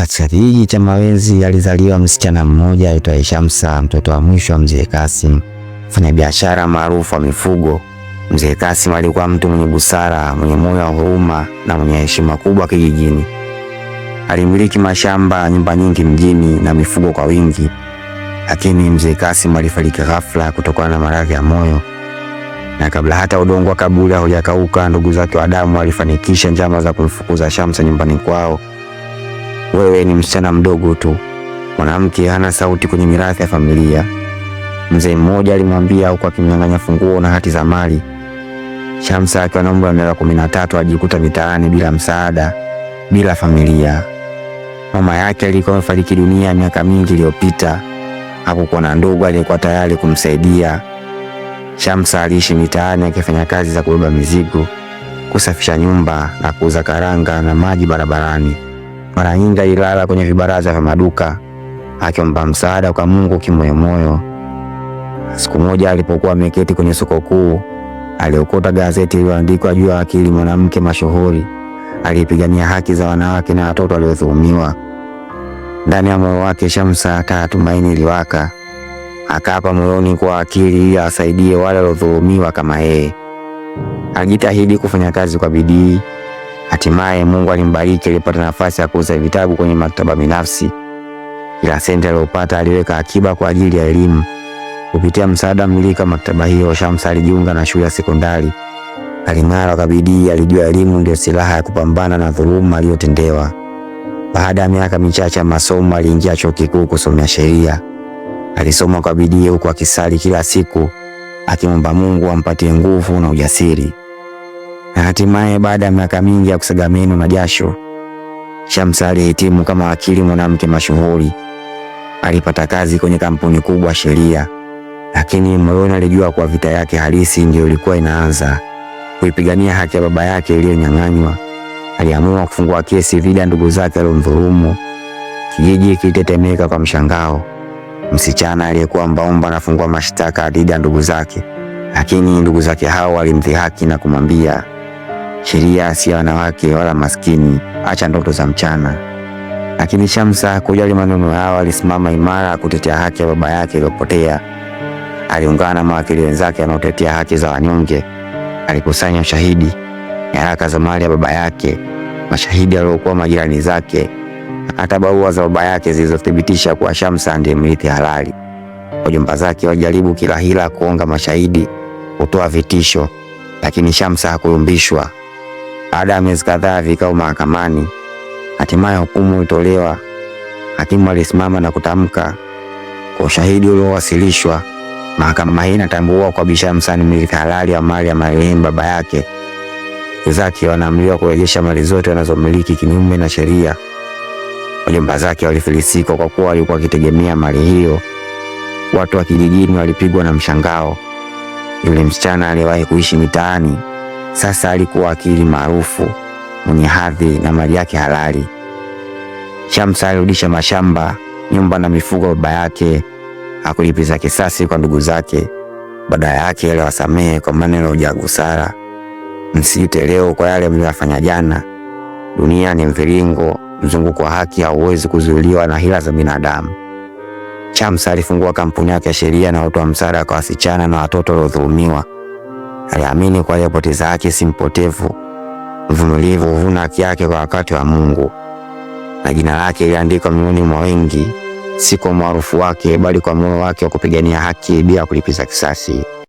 Katika kijiji cha Mawezi alizaliwa msichana mmoja aitwa Shamsa, mtoto wa mwisho wa mzee Kasim, mfanyabiashara maarufu wa mifugo. Mzee Kasim alikuwa mtu mwenye busara, mwenye moyo wa huruma na mwenye heshima kubwa kijijini. Alimiliki mashamba, nyumba nyingi mjini na mifugo kwa wingi, lakini mzee Kasim alifariki ghafla kutokana na maradhi ya moyo, na kabla hata udongo wa kaburi haujakauka, ndugu zake wa damu walifanikisha njama za kumfukuza Shamsa nyumbani kwao wewe ni msichana mdogo tu, mwanamke hana sauti kwenye mirathi ya familia, mzee mmoja alimwambia huku akimnyang'anya funguo na hati za mali. Shamsa akiwa na umri wa miaka kumi na tatu ajikuta mitaani bila msaada, bila familia. Mama yake alikuwa amefariki dunia miaka mingi iliyopita. Hakukuwa na ndugu aliyekuwa tayari kumsaidia. Shamsa aliishi mitaani akifanya kazi za kubeba mizigo, kusafisha nyumba na kuuza karanga na maji barabarani. Mara nyingi alilala kwenye vibaraza vya maduka akiomba msaada kwa Mungu kimoyomoyo. Siku moja alipokuwa ameketi kwenye soko kuu, aliokota gazeti iliyoandikwa juu ya akili mwanamke mashuhuri aliyepigania haki za wanawake na watoto waliodhulumiwa. Ndani ya moyo wake shamsa taa tumaini iliwaka. Akaapa moyoni kwa akili ili asaidie wale waliodhulumiwa kama yeye. Alijitahidi kufanya kazi kwa bidii Hatimaye Mungu alimbariki, alipata nafasi ya kuuza vitabu kwenye maktaba binafsi. Kila senti aliyopata aliweka akiba kwa ajili ya elimu. Kupitia msaada mlika maktaba hiyo, Shamsa alijiunga na shule ya sekondari. Aling'ara kwa bidii, alijua elimu ndio silaha ya kupambana na dhuluma aliyotendewa. Baada ya miaka michache ya masomo, aliingia chuo kikuu kusomea sheria. Alisoma kwa bidii, huku akisali kila siku, akimwomba Mungu ampatie nguvu na ujasiri na hatimaye baada ya miaka mingi ya kusaga meno na jasho, Shamsa alihitimu kama wakili mwanamke mashuhuri. Alipata kazi kwenye kampuni kubwa sheria, lakini moyoni alijua kuwa vita yake halisi ndiyo ilikuwa inaanza kuipigania haki ya baba yake iliyonyang'anywa. Aliamua kufungua kesi dhidi ya ndugu zake waliomdhulumu. Kijiji kilitetemeka kwa mshangao. Msichana aliyekuwa mbaomba anafungua mashtaka dhidi ya ndugu zake, lakini ndugu zake hao walimdhihaki na kumwambia Sheria si ya wanawake wala maskini, acha ndoto za mchana. Lakini Shamsa kujali maneno yao, alisimama imara kutetea haki ya baba yake iliyopotea. Aliungana na mawakili wenzake wanaotetea haki za wanyonge. Alikusanya ushahidi, nyaraka za mali ya baba yake, mashahidi waliokuwa majirani zake, hata barua za baba yake zilizothibitisha kuwa Shamsa ndiye mrithi halali. Wajumba zake walijaribu kila hila kuonga mashahidi, kutoa vitisho, lakini Shamsa hakuyumbishwa. Baada ya miezi kadhaa vikao mahakamani, hatimaye hukumu ilitolewa. Hakimu alisimama na kutamka, kwa ushahidi uliowasilishwa, mahakama hii inatambua kwa Bi Shamsani mmiliki halali wa mali ya marehemu baba yake. zake wanaamriwa kurejesha mali zote wanazomiliki kinyume na sheria. Wajomba zake walifilisika kwa kuwa walikuwa wakitegemea mali hiyo. Watu wa kijijini walipigwa na mshangao. Yule msichana aliyewahi kuishi mitaani sasa alikuwa wakili maarufu mwenye hadhi na mali yake halali. Shamsa alirudisha mashamba, nyumba na mifugo baba yake. Hakulipiza kisasi kwa ndugu zake, badala yake aliwasamehe kwa maneno ya ujagusara. Msiite leo kwa yale mliyofanya jana. Dunia ni mviringo, mzunguko wa haki hauwezi kuzuiliwa na hila za binadamu. Shamsa alifungua kampuni yake ya sheria na kutoa msaada kwa wasichana na watoto waliodhulumiwa. Aliamini kwa hiyo poteza yake si mpotevu, mvumilivu huvuna haki yake kwa wakati wa Mungu, na jina lake iliandikwa mioyoni mwa wengi, si kwa umaarufu wake, bali kwa moyo wake wa kupigania haki bila kulipiza kisasi.